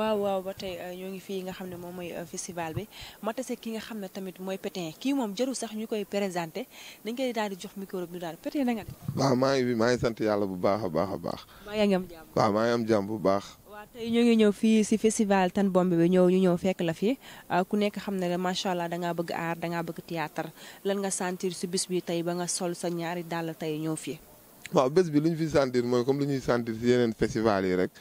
waaw waaw ba tey euh, ñoo ngi fii nga xam ne moom mooy euh, festival bi ma tase ki nga xam ne tamit mooy Pétin kii moom jarul sax ñu koy présenté dañ koy daal di jox micro bi daal Pétin na nga def. waaw maa bu baax a baax a baax. maa ngi am jàmm waaw bu baax. waaw ñoo ngi ñëw fii si festival Tan Bombe bi ñëw ñu ñëw fekk la fi euh, ku nekk xam ne macha allah dangaa bëgg aar dangaa bëgg théâtre lan nga sentir si bis bi tey ba nga sol sa ñaari dàll tey ñëw fii. waaw bés bi lu ñu fi sentir mooy comme lu ñuy sentir si yeneen festival yi rek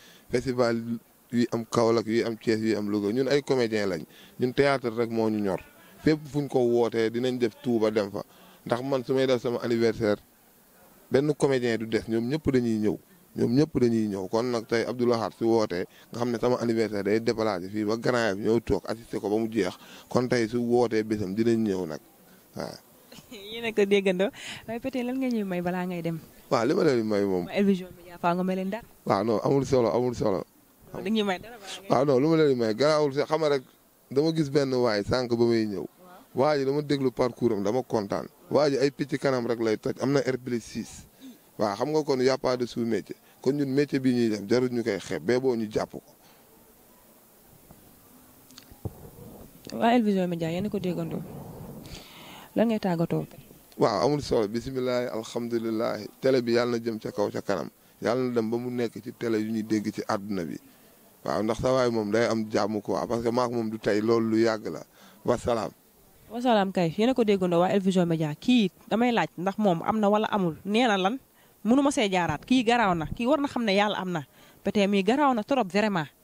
yuy am Kaolack yuy am Thiès yuy am Louga ñun ay comédien lañ ñun théâtre rek moo ñu ñor fépp fu ñu ko wootee dinañ def tuuba dem fa ndax man su may def sama anniversaire benn comédien du des ñoom ñëpp dañuy ñëw ñoom ñëpp dañuy ñëw kon nag tey Abdou Lahad su wootee nga xam ne sama anniversaire day déplacé fii ba Grand Yoff ñëw toog assisté ko ba mu jeex kon tey su wootee bésam dinañ ñëw nag waaw. yéen a euh, may moom. El Vision amul solo amul solo. waaw non lu ma leen di may garaawul sax xam rek dama gis benn waay sànq ba muy ñëw. waa dama déglu parcours am dama kontaan. waa ji ay picc kanam rek lay toj am na herbilis 6. waaw xam nga ko y' a pas de sous métier kon ñun métier bi ñuy def jarul ñu koy xeeb bee boo ñu jàpp ko. waa El Vision Médias yéen ko déggandoo lan ngay tàggatoo. waaw amul solo bisimilah alhamdulilah tele bi yàlla na jëm ca kaw ca kanam. yàlla na dem ba mu nekk ci télé yu ñuy dégg ci àdduna bi waaw ndax sa moom day am jàmm quoi parce que maak moom du tey loolu lu yàgg la wasalaam. wasalaam kay yéen a ko déggandoo waa El Vision Médias kii damay laaj ndax moom am na wala amul nee lan mënu ma see jaaraat kii garaaw na kii war na xam ne yàlla am na pete mi garaaw na trop vraiment.